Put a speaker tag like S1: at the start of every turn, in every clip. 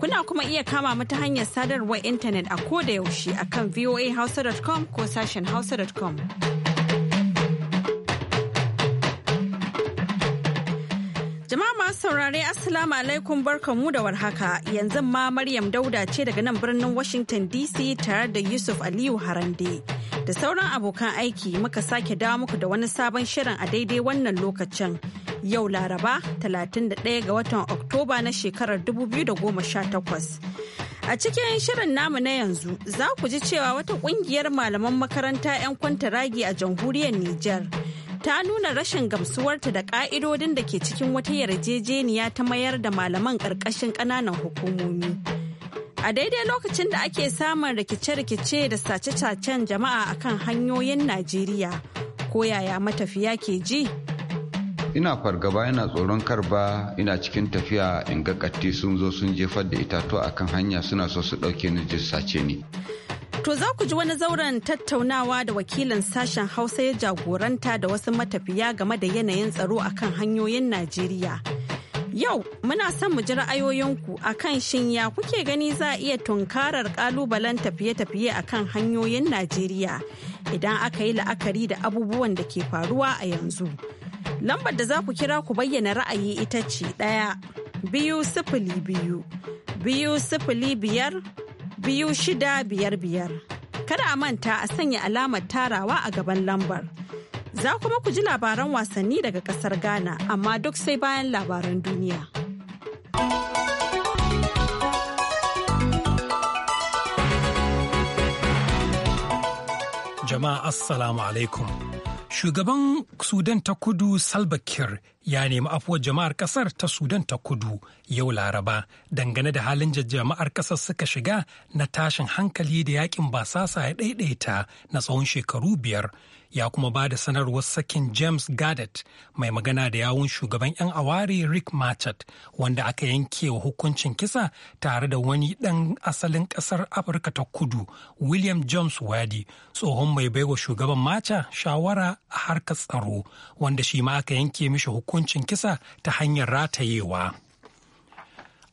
S1: Kuna kuma iya kama mu ta hanyar sadarwar intanet a koda yaushe a kan voahausa.com ko sashen hausa.com. Jama'a masu saurare Assalamu alaikum barkamu da warhaka yanzu ma Maryam Dauda ce daga nan birnin Washington DC tare da Yusuf Aliyu Harande. Da sauran abokan aiki muka sake dawo muku da wani sabon shirin a daidai wannan lokacin. yau Laraba 31 ga watan Oktoba na shekarar 2018. A cikin shirin namu na yanzu za ku ji cewa wata kungiyar malaman makaranta 'yan kwantaragi a jamhuriyar Nijar ta nuna rashin gamsuwarta da ka'idodin da ke cikin wata yarjejeniya ta mayar da malaman ƙarƙashin ƙananan hukumomi. A daidai lokacin da ake samun rikice-rikice da sace-sacen jama'a akan hanyoyin Najeriya, ko yaya matafiya ke ji?
S2: ina fargaba yana tsoron karba ina cikin tafiya in ga katti sun zo sun jefar da itatuwa akan hanya suna so su dauke ni jisace ni
S1: To za ku ji wani zauren tattaunawa da wakilin sashen Hausa ya jagoranta da wasu matafiya game da yanayin tsaro akan hanyoyin Najeriya. Yau muna son mu ji ra'ayoyinku a kan shin ya kuke gani za a iya tunkarar kalubalen tafiye-tafiye a kan hanyoyin Najeriya idan aka yi la'akari da abubuwan da ke faruwa a yanzu. Lambar da za ku kira ku bayyana ra'ayi ita ce ɗaya biyu sifili biyu biyu sifili biyar biyu shida biyar biyar. Kada a manta a sanya alamar tarawa a gaban lambar. Za kuma ku ji labaran wasanni daga ƙasar Ghana amma duk sai bayan labaran duniya.
S3: Jama'a Assalamu alaikum. Shugaban Sudan ta kudu Salva Kiir ya nemi afuwar jama'ar kasar ta Sudan ta kudu yau Laraba dangane da halin da jama'ar kasar suka shiga na tashin hankali da yakin basasa ya ɗaiɗaita na tsawon shekaru biyar ya kuma ba da sanarwar sakin James Gadet mai magana da yawun shugaban 'yan awari Rick machat wanda aka yanke wa hukuncin kisa tare da wani ɗan asalin ƙasar Afirka ta kudu William James Wadi tsohon mai baiwa shugaban Macha shawara a harkar tsaro wanda shi ma aka yanke mishi hukuncin kisa ta hanyar ratayewa.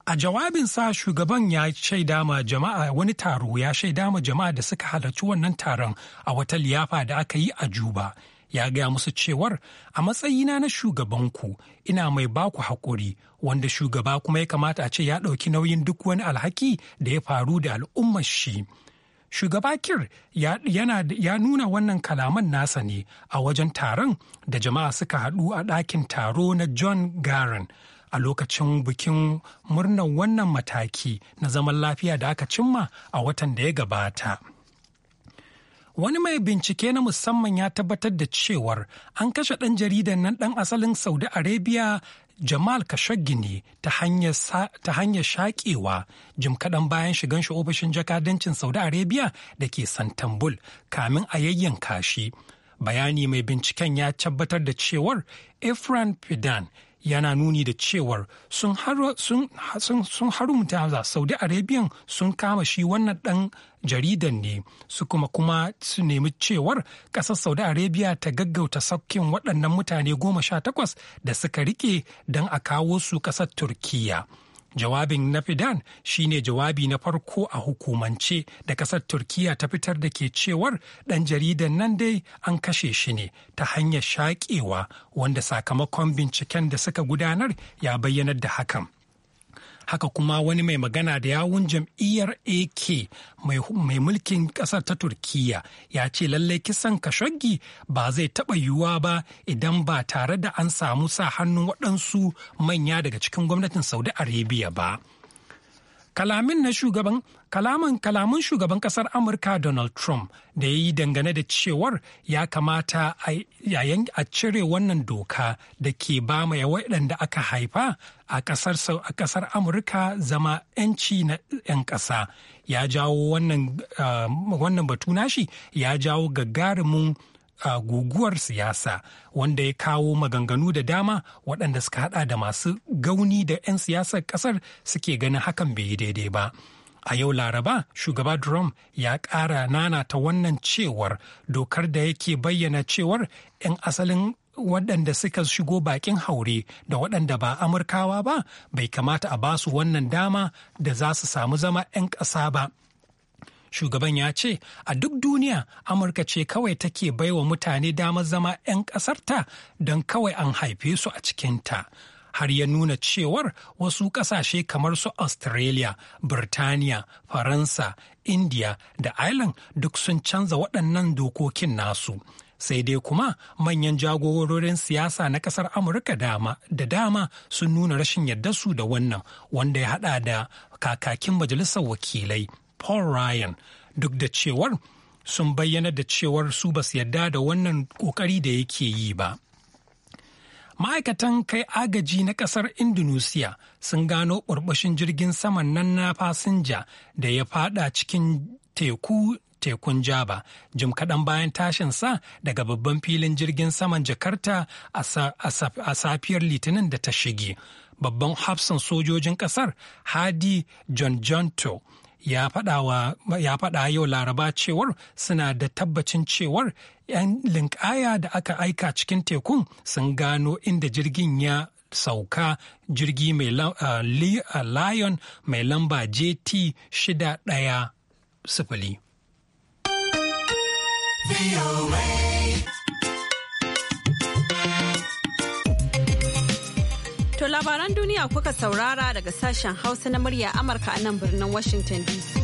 S3: A jawabinsa shugaban ya shaida ma jama'a wani taro ya shaida ma jama'a da suka halarci wannan taron a wata liyafa da aka yi a Juba. Ya gaya musu cewar a matsayina na shugabanku ina mai baku haƙuri wanda shugaba kuma ya kamata a ce ya ɗauki nauyin duk wani alhaki da ya faru da al'ummar shi. Shugaba Kir ya, ya nuna wannan kalaman nasa ne a wajen taron da jama'a suka haɗu a ɗakin taro na John Garan. a lokacin bikin murnar wannan mataki na zaman lafiya da aka cimma a watan da ya gabata. Wani mai bincike na musamman ya tabbatar da cewar an kashe ɗan jaridan nan ɗan asalin Saudi Arabia Jamal Khashoggi ne ta hanyar shaƙewa jim kaɗan bayan shigan shi ofishin jakadancin Saudi Arabia da ke Santambul kamin a yayyanka shi. Bayani mai binciken ya tabbatar da cewar Efran Fidan yana nuni da cewar sun harumta saudi arabia sun kama shi wannan dan jaridan ne su kuma kuma su nemi cewar kasar saudi arabia ta gaggauta saukin waɗannan mutane goma sha takwas da suka rike don a kawo su kasar turkiyya. Jawabin na Fidan shi jawabi na farko a hukumance da kasar Turkiya ta fitar da ke cewar dan jaridan nan dai an kashe shi ne ta hanyar shaƙewa wanda sakamakon binciken da suka gudanar ya bayyanar da hakan. haka kuma wani mai magana da yawun jam'iyyar ak mai mulkin kasar ta Turkiyya, ya ce lallai kisan kashoggi ba zai taɓa yiwuwa ba idan ba tare da an samu sa hannun waɗansu manya daga cikin gwamnatin saudi arabia ba. kalamin na shugaban kalaman kalamin shugaban kasar amurka donald trump da ya yi dangane da cewar ya kamata yayan a cire wannan doka da ke ba mai waɗanda aka haifa a kasar amurka zama 'yanci na 'yan ƙasa ya jawo wannan ah, batu nashi ya jawo gagarumin a guguwar siyasa wanda ya kawo maganganu da dama waɗanda suka hada da masu gauni da 'yan siyasar ƙasar suke ganin hakan bai yi daidai ba. A yau Laraba, shugaba Trump ya ƙara nana ta wannan cewar dokar da yake bayyana cewar 'yan asalin waɗanda suka shigo bakin haure da waɗanda ba Amurkawa ba bai kamata a basu wannan dama da za su samu zama 'yan ƙasa ba. shugaban ya ce a duk duniya amurka ce kawai take baiwa mutane damar zama 'yan ƙasarta don kawai an haife su a cikinta har ya nuna cewar wasu ƙasashe kamar su australia birtaniya faransa india da ireland duk sun canza waɗannan dokokin nasu sai dai kuma manyan jagororin siyasa na ƙasar amurka dama da dama sun nuna rashin yarda su da wannan wanda ya haɗa da kakakin majalisar wakilai Paul Ryan duk da cewar sun bayyana da cewar su basu yarda da wannan kokari da yake yi ba. Ma'aikatan kai agaji na kasar Indonesia sun gano ɓurɓushin jirgin saman nan na fasinja da ya fada cikin teku tekun Jaba jim kaɗan bayan tashin sa daga babban filin jirgin saman Jakarta a safiyar Litinin da ta shige. Babban hafsan sojojin ƙasar Hadi John Jonto ya faɗa yau laraba cewar suna da tabbacin cewar 'yan linƙaya da aka aika cikin tekun sun gano inda jirgin ya sauka jirgi mai lion mai lamba jt sifili.
S1: To labaran duniya kuka saurara daga sashen Hausa na murya Amurka a nan birnin Washington DC.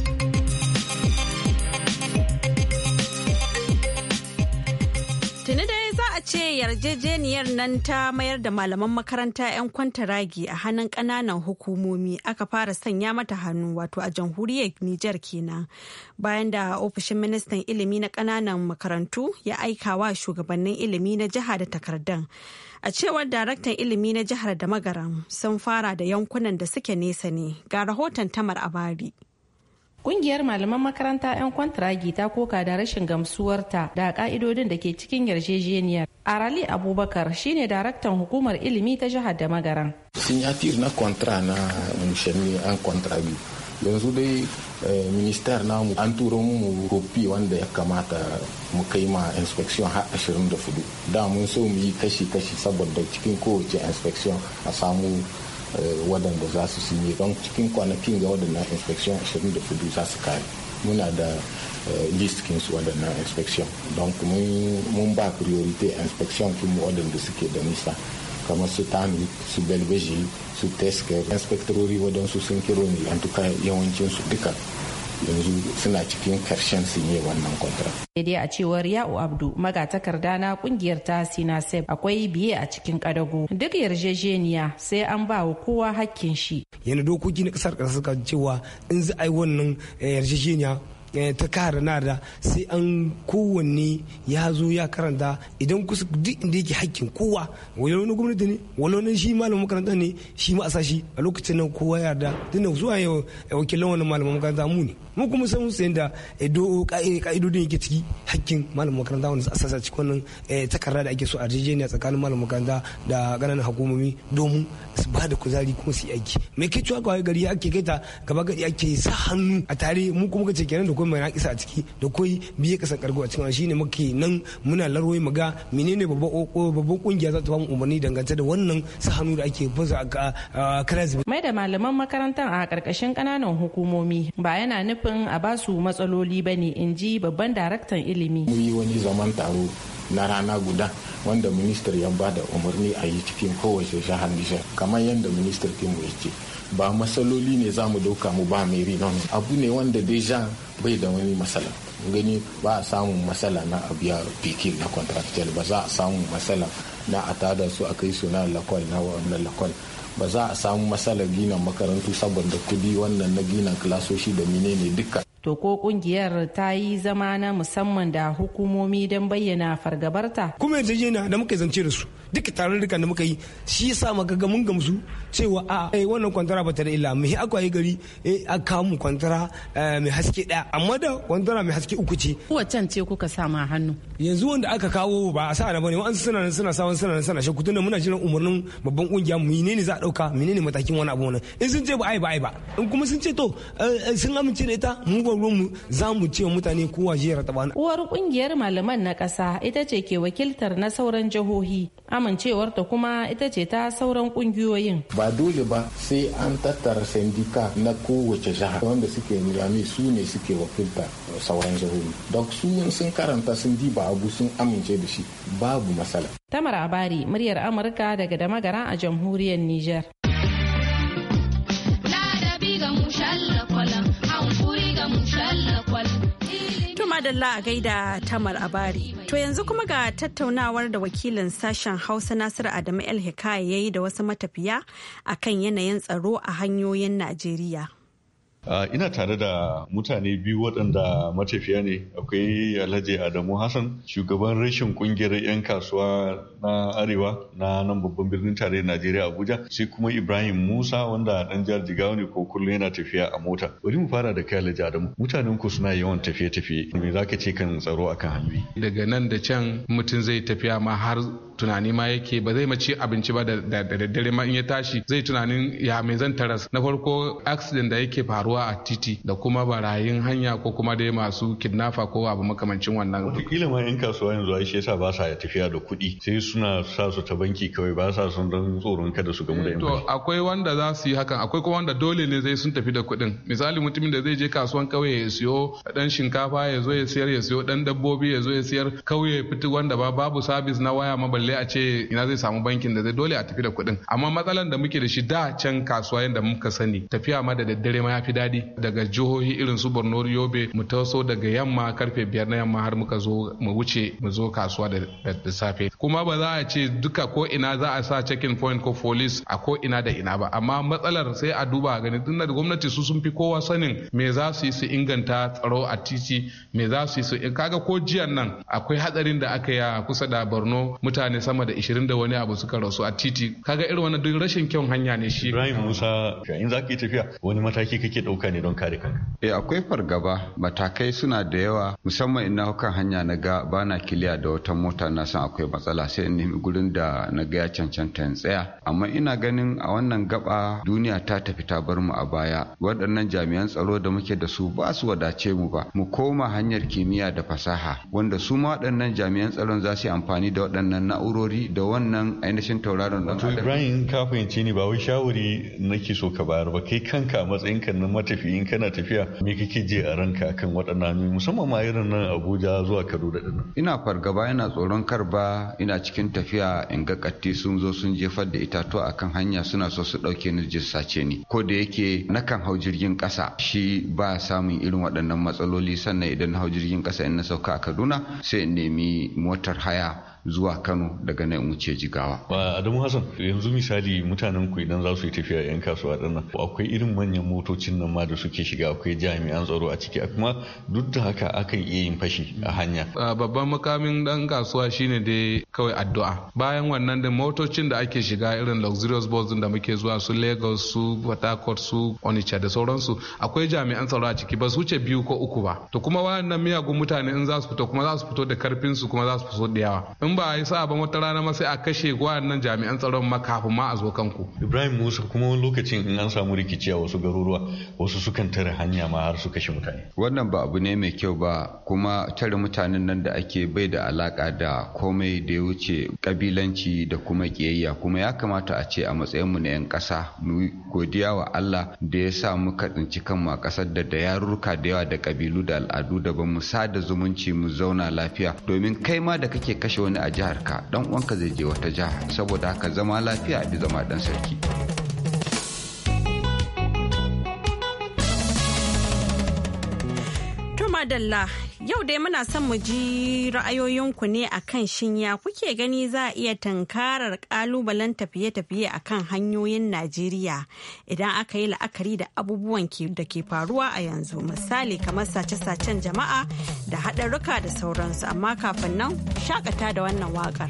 S1: Tuni dai za a ce yarjejeniyar nan ta mayar da malaman makaranta 'yan kwanta kwantaragi a hannun ƙananan hukumomi aka fara sanya mata hannu wato a jamhuriyar Nijar kenan bayan da ofishin ministan ilimi na ƙananan makarantu ya aika wa shugabannin ilimi na jiha da takardan. A cewar daraktan ilimi na jihar da magaran sun fara da yankunan da suke nesa ne ga rahoton tamar abari.
S4: Kungiyar malaman makaranta 'yan kwantiragi ta koka da rashin gamsuwarta da ka'idodin da ke cikin yarjejeniyar. Arali Abubakar shine daraktan hukumar ilimi ta jihar da magaran.
S5: Sun yi na kwantara na mushami an kwantiragi. yanzu dai eh, ministar namu an turo mu kopi wanda ya kamata mu kai ma inspection har ashirin da mun so mu yi kashi-kashi saboda cikin kowace inspection a samu eh, waɗanda za su sinye don cikin kwanakin ga waɗannan inspection ashirin fudu za su kare muna da eh, list su waɗannan inspection don mun ba priority inspection kuma waɗanda suke da nisa kamar su tami su belbeji su tesker inspektorori su sun kiro ni an tuka yawancin su duka yanzu suna cikin karshen sun yi wannan
S4: kwantar. daidai a cewar ya'u abdu magatakarda na kungiyar ta sinasef akwai biye a cikin kadago duk yarjejeniya sai an ba wa kowa hakkin shi
S6: yana dokoki na kasar kasar suka cewa in za a yi wannan yarjejeniya eh, Eh, ta kara na da sai an kowanne ya zo ya karanta idan kusa duk inda yake hakkin kowa wani wani gwamnati ne wani wani shi malamin makaranta ne shi ma a sashi a lokacin nan kowa ya da tunda zuwa yau eh, wakilan wani malamin makaranta mu ne mu kuma san da edo eh, ka'idodin yake ciki hakkin malamin makaranta wani a sasa cikin wannan takarda da ake so a jejeniya tsakanin malamin makaranta da ƙananan hukumomi domin su ba da kuzari kuma su yi aiki mai kai cewa gari ake kaita gaba gari ake sa hannu a tare mu kuma kace kenan da akwai mai naƙisa a ciki da koi biye kasan kargo a cikin shine muke nan muna larwai mu ga menene babban kungiya za ta bamu umarni dangance da wannan su hannu da ake fasa a karazibi.
S4: mai da malaman makarantar a karkashin kananan hukumomi ba yana nufin a ba su matsaloli ba ne in ji babban daraktan ilimi. mu yi wani zaman taro na rana guda wanda ministar ya ba da
S5: umarni a yi cikin kowace jihar kamar yadda ministar kinmu ya ce ba matsaloli ne za mu dauka mu ba meri non abu ne wanda deja bai da wani matsala gani ba a samun matsala na a ya pikin na contractual ba za a samun matsala na a tada su a kai su na lakwal na wannan lakwal ba za a samu matsala gina makarantu saboda
S6: kudi wannan na gina kilasoshi da menene duka
S4: to ko kungiyar ta yi zama na musamman da hukumomi don bayyana fargabarta
S6: kuma yana da muka zance da su duka tarurruka da muka yi shi yasa maka ga mun gamsu cewa a eh wannan kwantara ba ta da illa mu hi akwai gari eh a kamu kwantara eh, mai haske daya amma da kwantara mai haske uku ce
S4: wacan ce kuka sa ma hannu
S6: yanzu wanda aka kawo ba a sa na bane wa'ansu suna nan suna sawan suna nan suna shakku tunda muna jiran umarnin babban kungiya ne za a dauka menene matakin wani abu wannan in sun ce ba ai ba ai ba in kuma sun ce to eh, sun amince da ita mu ba mu za mu ce mutane kowa jera ta bana
S4: uwar kungiyar malaman na kasa ita ce ke wakiltar na sauran jihohi amincewar ta kuma ita ce ta sauran kungiyoyin
S5: ba dole ba sai an tattara sindika na kowace jiha wanda suke nilami su ne suke wakilta sauran jihohi don su sun karanta sun ba abu sun amince da shi babu matsala
S4: tamar abari muryar amurka daga damagara a jamhuriyar nijar. madalla
S1: a gaida tamar abari to yanzu kuma ga tattaunawar da wakilin sashen hausa Nasir adamu el hikaya ya yi da wasu matafiya akan yanayin tsaro a hanyoyin najeriya
S7: ina tare da mutane biyu waɗanda matafiya ne akwai alhaji adamu hassan shugaban rashin kungiyar 'yan kasuwa na arewa na nan babban birnin tarayyar najeriya abuja sai kuma ibrahim musa wanda dan jihar jigawa ne ko kullum yana tafiya a mota bari mu fara da kai alhaji adamu mutanen ku suna yawan tafiye-tafiye me za ka ce kan tsaro akan hanyoyi
S8: daga nan da can mutum zai tafiya ma har tunani ma yake ba zai mace abinci ba da daddare ma in ya tashi zai tunanin ya mai zan taras na farko accident da yake faruwa a titi da kuma barayin hanya ko kuma dai masu kidnafa ko abu
S7: makamancin wannan wataƙila ma yan kasuwa yanzu ai shi yasa ba sa tafiya da kuɗi sai suna sa su ta banki kawai ba sa son dan tsoron kada su gamu da to
S8: akwai wanda za su yi hakan akwai kuma wanda dole ne zai sun tafi da kuɗin misali mutumin da zai je kasuwan kauye ya siyo dan shinkafa ya zo ya siyar ya siyo dan dabbobi ya zo ya siyar kauye ya fito wanda ba babu sabis na waya ma balle dole a ce ina zai samu bankin da zai dole a tafi da kuɗin amma matsalan da muke da shi da can kasuwa yadda muka sani tafiya ma da daddare ma ya fi daɗi daga jihohi irin su borno yobe mu taso daga yamma karfe biyar na yamma har muka zo mu wuce mu zo kasuwa da safe kuma ba za a ce duka ko ina za a sa checking point ko police a ko ina da ina ba amma matsalar sai a duba gani tunda da gwamnati su sun fi kowa sanin me za su yi su inganta tsaro a titi me za su yi su kaga ko jiyan nan akwai hatsarin da aka yi a kusa da borno mutane sama da 20 da wani abu
S7: suka rasu a titi kaga irin wannan duk rashin kyan hanya ne shi Ibrahim Musa in za ka yi tafiya wani mataki kake dauka ne don kare kanka
S2: eh akwai fargaba matakai suna da yawa musamman ina na hanya na ga bana kiliya da wata mota na san akwai matsala sai in nemi gurin da na ga ya cancanta in tsaya amma ina ganin a wannan gaba duniya ta tafi ta bar mu a baya waɗannan jami'an tsaro da muke da su ba su wadace mu ba mu koma hanyar kimiyya da fasaha wanda su ma waɗannan jami'an tsaron za su yi amfani da waɗannan na'urori da wannan ainihin
S7: tauraron don adam Ibrahim ka fahimci ni ba wai shawari nake so ka bayar ba kai kanka matsayin ka na matafiyin kana tafiya me kake je a ranka kan waɗannan musamman ma irin nan Abuja zuwa Kaduna dinnan. ina fargaba yana tsoron karba ina cikin tafiya in ga katti
S2: sun zo sun jefar da itatuwa akan hanya suna so su dauke ni sace ni ko da yake nakan hau jirgin kasa shi ba samun irin waɗannan matsaloli sannan idan hau jirgin kasa in na sauka a Kaduna sai in nemi motar haya zuwa Kano daga nan wuce Jigawa. Ba
S7: Adamu Hassan yanzu misali mutanen ku idan za su yi tafiya yan kasuwa din nan akwai irin manyan motocin nan ma da suke shiga akwai jami'an tsaro a ciki kuma duk da haka akan iya yin fashi a hanya.
S8: Babban makamin dan kasuwa shine dai kawai addu'a. Bayan wannan da motocin da ake shiga irin luxurious bus da muke zuwa su Lagos su Port Harcourt su Onitsha da sauransu akwai jami'an tsaro a ciki ba su wuce biyu ko uku ba. To kuma wayannan miyagun mutane in za su fito kuma za su fito da karfin su kuma za su fito da yawa. in ba yi ba wata rana ma sai a kashe nan
S7: jami'an tsaron ma kafin ma a zo kanku ibrahim musa kuma wani lokacin in an samu rikici a wasu garuruwa wasu sukan tare hanya ma har su kashe mutane
S2: wannan ba abu ne mai kyau ba kuma tare mutanen nan da ake bai da alaka da komai da ya wuce kabilanci da kuma kiyayya kuma ya kamata a ce a matsayinmu na 'yan ƙasa mu godiya wa Allah da ya sa muka tsinci kanmu a ƙasar da da yarurruka da yawa da kabilu da al'adu daban mu sada zumunci mu zauna lafiya domin kai ma da kake kashe wani a jihar ka uwanka zai je wata jiha saboda haka zama lafiya a bi zama dan sarki
S1: to madalla Yau dai muna son mu ji ra'ayoyinku ne a kan shinya kuke gani za a iya tankarar kalubalen tafiye-tafiye a kan hanyoyin Najeriya idan aka yi la'akari da abubuwan da ke faruwa a yanzu misali kamar sace-sacen jama'a da haɗarruka da sauransu amma kafin nan shakata da wannan waƙar.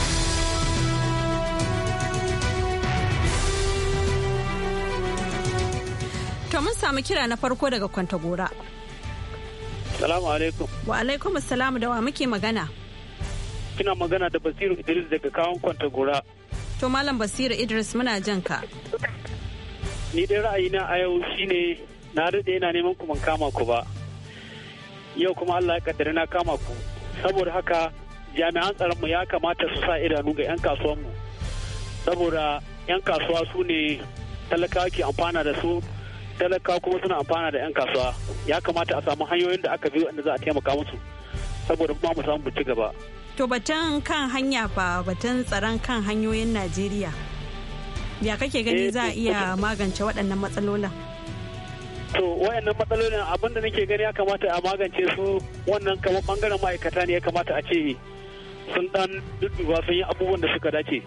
S1: mun samu kira na farko daga Kwantagora.
S9: Salamu alaikum.
S1: Wa alaikum assalamu da wa muke magana.
S9: Kina magana da Basiru Idris daga kawon Kwantagora.
S1: To Malam Basiru Idris muna jan ka.
S9: Ni dai ra'ayina a yau shine na daɗe yana neman ku kama ku ba. Yau kuma Allah ya kaddara na kama ku. Saboda haka jami'an tsaronmu ya kamata su sa idanu ga 'yan kasuwanmu. Saboda 'yan kasuwa su ne talakawa ke amfana da su talakawa kuma suna amfana da 'yan kasuwa ya kamata a samu hanyoyin da aka bi wanda za a taimaka musu saboda kuma mu samu ci gaba
S1: to batun kan hanya fa batun tsaron kan hanyoyin najeriya ya kake gani eh, za a iya magance waɗannan matsalolin
S9: to wayannan matsalolin abinda nake gani ya kamata a magance su wannan kamar bangaren ma'aikata ne ya kamata a ce sun dan dudduba sun yi abubuwan da suka dace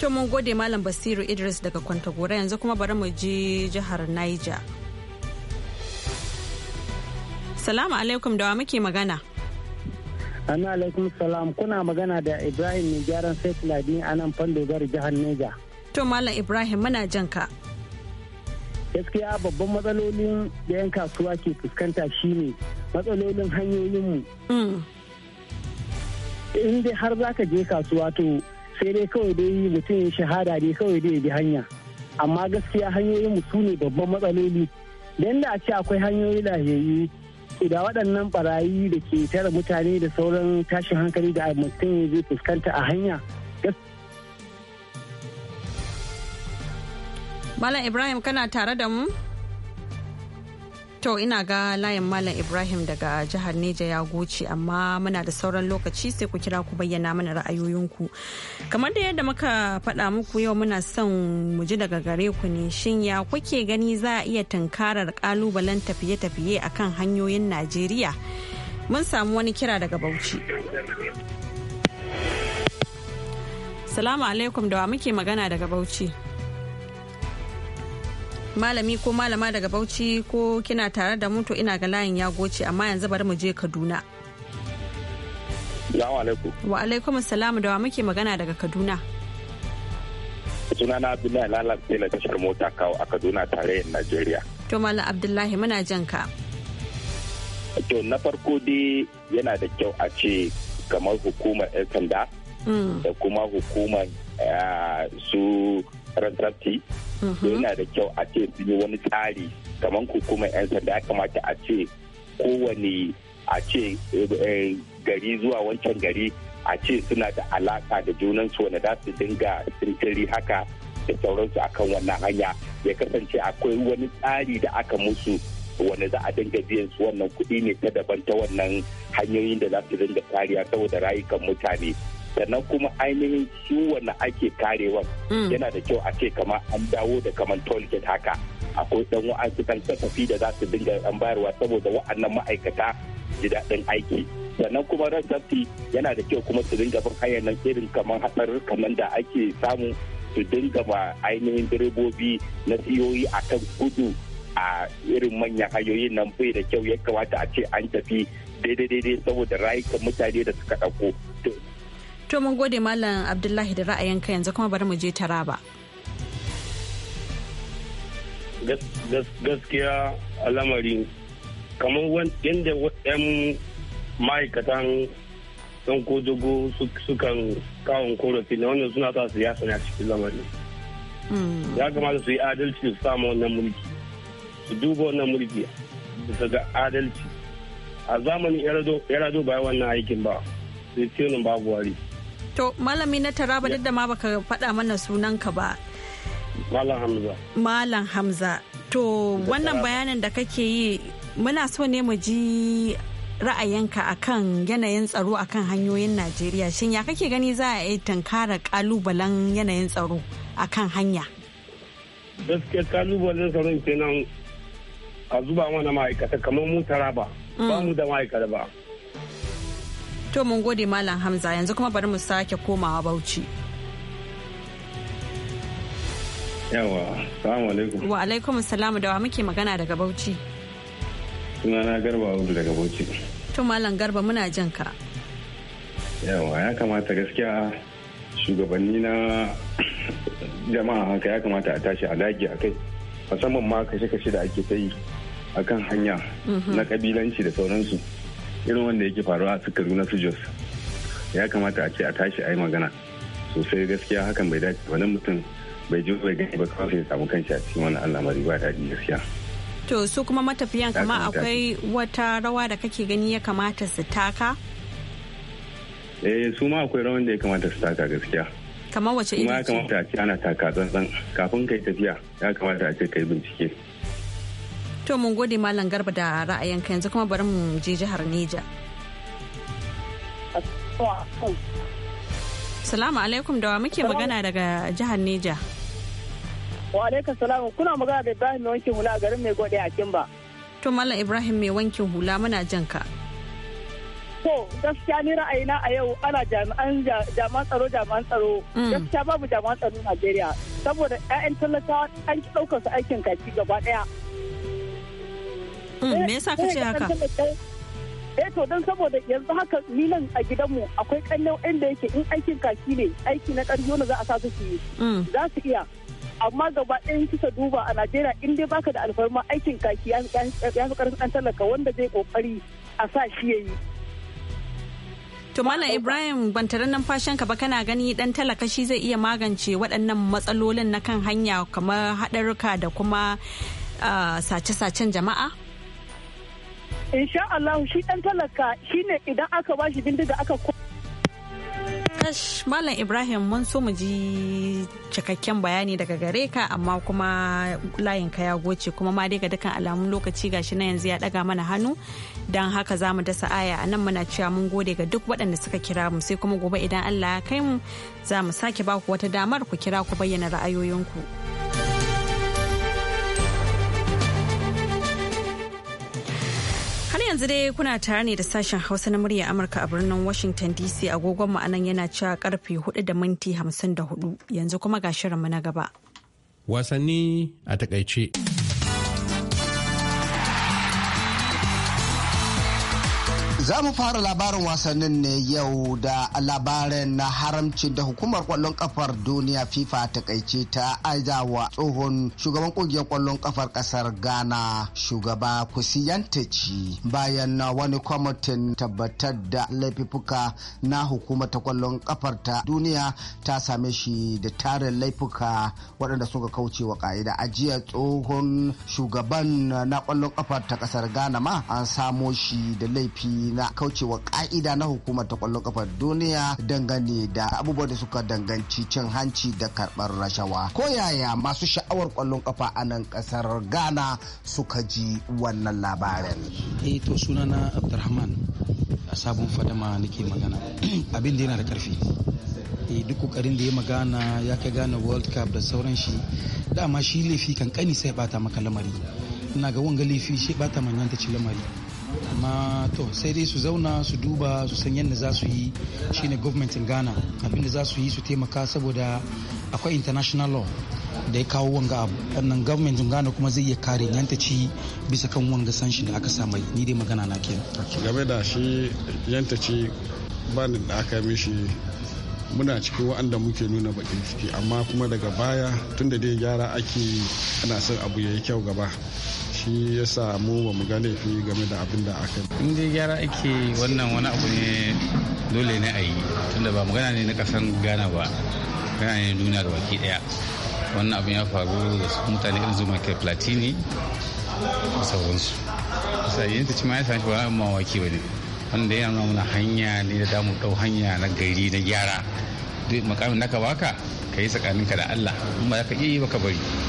S1: To mun gode Malam Basiru Idris daga Kwantagora yanzu kuma bari mu ji jihar Niger. Salamu alaikum da wa muke magana.
S6: Ana alaikum salam kuna magana da Ibrahim mai gyaran
S1: Saifuladin a nan Fandogar jihar Niger. To Malam Ibrahim muna jan ka.
S6: Gaskiya babban matsalolin da 'yan kasuwa ke fuskanta shine matsalolin hanyoyinmu. Mm. In dai har za ka je kasuwa to sai dai kawai dai mutum ya shahada dai kawai dai bi hanya amma gaskiya hanyoyin mu ne babban matsaloli dan da a ce akwai hanyoyi lahiyayi da waɗannan barayi da ke tara mutane da sauran tashin hankali da mutum zai fuskanta a hanya
S1: Malam Ibrahim kana tare da mu? To ina ga layin Malam Ibrahim daga jihar Neja ya goce amma muna da sauran lokaci sai ku kira ku bayyana mana ra'ayoyinku. Kamar da yadda muka faɗa muku yau muna son mu ji daga gare ku ne shin ya kuke gani za a iya tunkarar kalubalen tafiye-tafiye a kan hanyoyin Najeriya? Mun samu wani kira daga Bauchi. Salamu alaikum da wa muke magana daga Bauchi. malami ko malama daga bauchi ko kina tare da mu ina ga layin ya goce amma yanzu bari mu je kaduna Salamu alaikum. Wa alaikum salam da wa muke magana daga Kaduna.
S9: Sunana Abdullahi Lalat Tela tashar mota kawo a Kaduna tarayyar Najeriya.
S1: To Malam Abdullahi muna jan ka.
S9: To na farko dai yana da kyau a ce kamar hukumar 'yan sanda mm. da kuma hukumar ah, su rantsarci mhm. yana da kyau a ce sun yi wani tsari kamar kuma 'yan sanda ya kamata a ce kowane a ce eh, gari zuwa wancan gari a ce suna da alaka da junansu wanda za su dinga sintiri haka da sauransu akan wannan hanya ya kasance akwai wani tsari da aka musu wanda za a dinga biyan su wannan kuɗi ne ta daban ta wannan hanyoyin da za su dinga kariya saboda rayukan mutane sannan kuma ainihin ciwon ake karewa hmm. yana da kyau a ce kama an dawo da kaman tolket haka akwai dan wa'ansu kan tafafi da za su dinga an bayarwa saboda wa'annan ma'aikata ji daɗin aiki sannan kuma rasafti yana da kyau kuma su dinga bin hanyar nan irin kamar hatsarurrukan nan da ake samu su dinga ba ainihin direbobi na siyoyi a kan gudu a irin manyan hanyoyin nan bai da kyau ya kamata a ce an tafi daidai daidai saboda rayukan mutane da suka ɗauko
S1: to mun gode malam abdullahi da ra'ayinka yanzu kuma bari mu je taraba
S9: gaskiya al'amari kamar yadda yan ma'aikatan don kojogo sukan kawon korafi na wannan suna sa siyasa ne a cikin lamari. Hmm. ya kamata su yi adalci su samu wannan mulki su duba wannan mulki bisa ga adalci a zamanin yarado bai wannan aikin ba sai babu wari
S1: To malami na Taraba duk da ma baka faɗa mana sunan ka ba.
S9: Malam Hamza.
S1: Malam Hamza. To wannan bayanin da kake yi muna so ne mu ji ra'ayinka akan yanayin tsaro akan hanyoyin Najeriya. Shin ya kake gani za a yi tankara kalubalen yanayin tsaro akan hanya?
S9: Gaskiya kalubalen tsaron kenan a zuba mana ma'aikata kamar mu Taraba. Ba mu da ma'aikata
S1: ba. to mun gode malam hamza yanzu kuma bari mu sake komawa bauchi yawa salamu alaikum wa alaikum salamu da wa muke magana daga bauchi
S9: sunana garba audu daga bauchi
S1: to malam garba muna jin ka
S9: yawa ya kamata gaskiya shugabanni na jama'a haka ya kamata a tashi a daji a kai musamman ma kashe-kashe da ake ta yi a kan hanya mhm. na kabilanci da sauransu irin wanda yake faruwa su kaduna su jos ya kamata a ce a tashi a yi magana sosai gaskiya hakan bai dace wani mutum bai ji bai gani ba kawai ya samu kanshi a cikin wani al'amari ba daɗi gaskiya
S1: to su kuma matafiyan kama akwai wata rawa da kake gani ya kamata su taka
S9: eh su ma akwai rawan da ya kamata su taka gaskiya
S1: kamar wace iri kuma ya kamata
S9: a ce ana taka tsantsan kafin kai tafiya ya kamata a ce kai bincike
S1: To mun gode Malam Garba da ra'ayinka yanzu kuma bari mu je jihar Neja. Salamu alaikum da wa muke magana daga jihar Neja. Wa alaikum salamu kuna magana da Ibrahim mai wankin hula a garin mai gode a Kimba. To Malam Ibrahim mai wankin hula muna jan ka.
S10: To gaskiya ni ra'ayina a yau ana jami'an jami'an tsaro jami'an tsaro. Mm. Gaskiya babu jami'an tsaro Najeriya saboda 'ya'yan tallata an ki ɗaukar su aikin kaci gaba ɗaya.
S1: Mm, eh, me yasa ka eh, ce haka
S10: eh to don saboda yanzu haka ni nan a gidanmu akwai kallon inda yake in aikin kaki ne aiki na ƙarfi wanda za a sa su mm. za su iya amma gaba ɗayan kisa duba a najeriya in dai baka da alfarma aikin kaki ya fi ɗan talaka wanda zai ƙoƙari a sa shi ya yi
S1: to mana ibrahim ban tare numfashin ba kana gani dan talaka shi zai iya magance waɗannan matsalolin na kan hanya kamar haɗarurruka da kuma ah, sace-sacen jama'a
S8: insha Allah shi dan talaka
S1: shine idan aka ba shi bindiga aka Kash Malam Ibrahim mun so mu ji cikakken bayani daga gare ka amma kuma layinka ya goce kuma ma dai ga dukkan alamun lokaci gashi na yanzu ya daga mana hannu don haka za mu dasa aya a nan muna cewa mun gode ga duk waɗanda suka kira mu sai kuma gobe idan Allah ya kai mu za mu sake baku wata damar ku kira ku bayyana ra'ayoyinku. yanzu dai kuna tare ne da sashen Hausa na murya Amurka a birnin Washington DC agogon ma'anan yana cewa karfe 4 da minti 54 yanzu kuma ga shirinmu na gaba.
S5: Wasanni a takaice.
S10: Za mu fara labarin wasannin ne yau da labarin na haramcin da hukumar kwallon kafar duniya FIFA ta kaice ta aizawa tsohon shugaban kungiyar kwallon kafar kasar Ghana shugaba Kusiyantaci bayan wani kwamitin tabbatar da laifuka na hukumar ta kwallon kafar ta duniya ta same shi da tarin laifuka waɗanda suka kauce wa ka'ida ajiya tsohon shugaban na kwallon kafar ta kasar Ghana ma an samo shi da laifi na kaucewa ka'ida na hukumar ta kwallon kafa duniya dangane da abubuwan da suka danganci cin hanci da karbar rashawa ko yaya masu sha'awar kwallon kafa a nan kasar ghana suka ji wannan labarin eh to sunana abdulrahman a sabon fadama nake magana abin da yana da karfi eh, duk kokarin da ya magana ya kai gane world cup da sauran shi dama shi laifi kankani sai bata maka lamari ina ga wanga laifi shi bata manyan ta ci lamari amma to sai dai su zauna su duba su san yadda za su yi shine gwamnatin ghana abin da za su yi su taimaka saboda akwai international law da ya kawo wanga abu wannan gwamnatin ghana kuma zai iya kare yanta ci bisa kan wanga sanshi da aka samu ni dai magana na ke.
S5: game da shi yanta ci ni da aka mishi muna cikin wa'anda
S2: muke nuna bakin ciki amma kuma daga baya tunda dai gyara ake ana son abu ya yi kyau gaba shi ya samu ba mu gane fi game da abin da aka
S5: in dai gyara ake wannan wani abu ne dole ne a yi tunda ba magana ne na kasan gana ba gana ne duniya da baki daya wannan abin ya faru da su mutane irin zuma ke platini da sauransu kusa yin ta cima ya sami shi ba mawaki ba ne wanda yana nuna mana hanya ne da damu dau hanya na gari na gyara duk makamin da
S10: ka baka ka yi tsakaninka da allah in ba za ka iya yi ba ka bari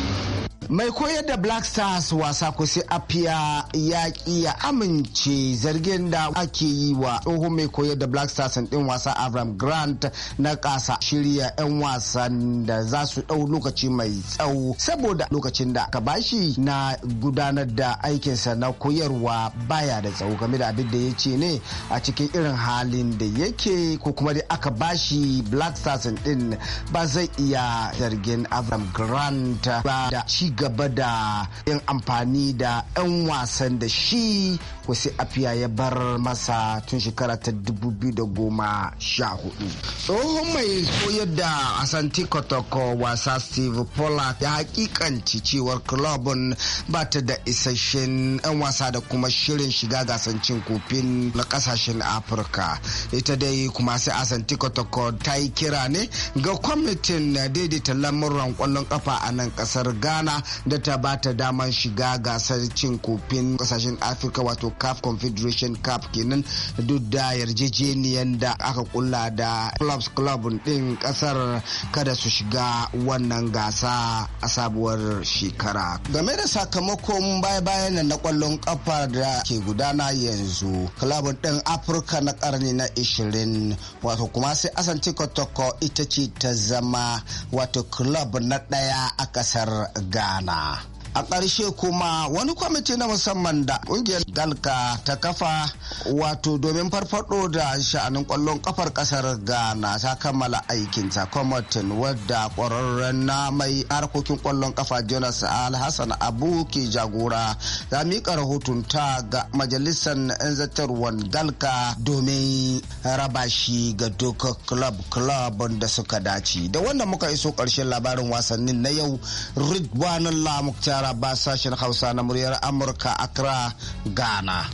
S10: mai koyar da black stars wasa kusi afiya ya ki ya amince zargin da ake yi wa tsoho mai koyar da black stars din wasa avram grant na kasa shirya 'yan wasan da za su dau lokaci mai tsawo saboda lokacin da aka bashi na gudanar da aikinsa na koyarwa baya da tsawo game da abin da ya ce ne a cikin irin halin da yake ko kuma da aka bashi black stars din ba zai iya zargin avram grant ba da ci gaba da yin amfani da 'yan wasan da shi wasu afiya ya bar masa tun shekara ta da goma sha hudu. tsohon mai koyar da asanti kotoko wasa steve pollard ya hakikanci cewar klubin ba ta da isasshen 'yan wasa da kuma shirin shiga gasan cin kofin na kasashen afirka ita dai kuma sai asanti kotoko ta yi kira ne ga kwamitin daidaita lamuran kwallon kafa a nan kasar ghana da ta ba ta damar shiga gasar cin kofin kasashen afirka wato caf confederation cup kenan duk da yarjejeniyar da aka kulla da clubs club din kasar kada su shiga wannan gasa a sabuwar shekara game da sakamakon baya-bayan na kwallon kafa da ke gudana yanzu club din afirka na karni na 20 wato kuma sai asanci kotoko ita ce ta zama wato club na daya a kasar ga Ghana. a ƙarshe kuma wani kwamiti na musamman da ƙungiyar galka ta kafa wato domin farfado da sha'anin ƙwallon kafar ƙasar ghana ta kammala aikinta kwamitin wadda ƙwararren na mai harkokin ƙwallon kafa jonas alhassan abu ke jagora Za ta miƙa ta ga majalisar 'yan zartarwar galka domin raba shi ga duka club club da suka dace da wannan muka iso ƙarshen labarin wasannin na yau ridwanin muktar Laraba sashen Hausa na muryar Amurka Accra, Ghana.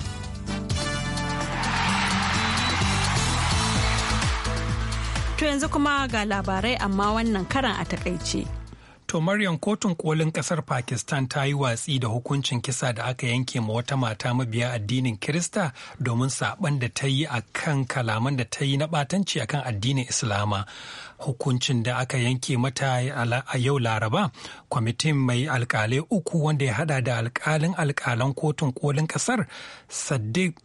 S1: To yanzu kuma ga labarai amma wannan karan a takaice.
S3: To Maryam kotun kolin kasar Pakistan ta yi watsi da hukuncin kisa da aka yanke ma wata mata mabiya addinin Kirista domin saɓan da ta yi a kan kalaman da ta yi na batanci akan addinin Islama. hukuncin da aka yanke mata a yau laraba kwamitin mai alkalai uku wanda ya hada da alkalin alkalan kotun kolin kasar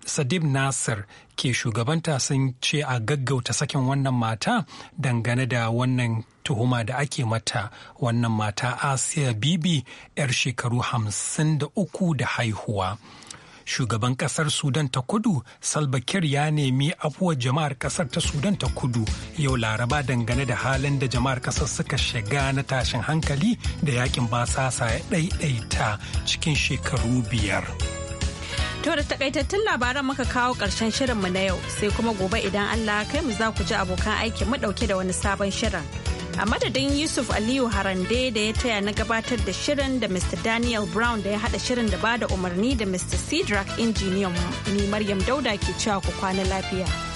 S3: sadib nasir ke shugabanta sun ce a gaggauta sakin wannan mata dangane da wannan tuhuma da ake mata wannan mata asiya bibi 'yar shekaru hamsin da uku da haihuwa. shugaban kasar sudan ta kudu salva kiir ya nemi afuwar jama'ar kasar ta sudan ta kudu yau laraba dangane da halin da jama'ar kasar suka shiga na tashin hankali da yakin basasa ya ɗaiɗaita cikin shekaru biyar
S1: To da takaitattun labaran muka kawo ƙarshen shirinmu na yau sai kuma gobe idan Allah kai mu za ku ji abokan aiki mu ɗauke da wani sabon shirin. a madadin yusuf aliyu harande da ya taya na gabatar da shirin da mr daniel brown da ya hada shirin da ba da umarni da mr cedric injiniyan ni maryam dauda ke cewa ku kwana lafiya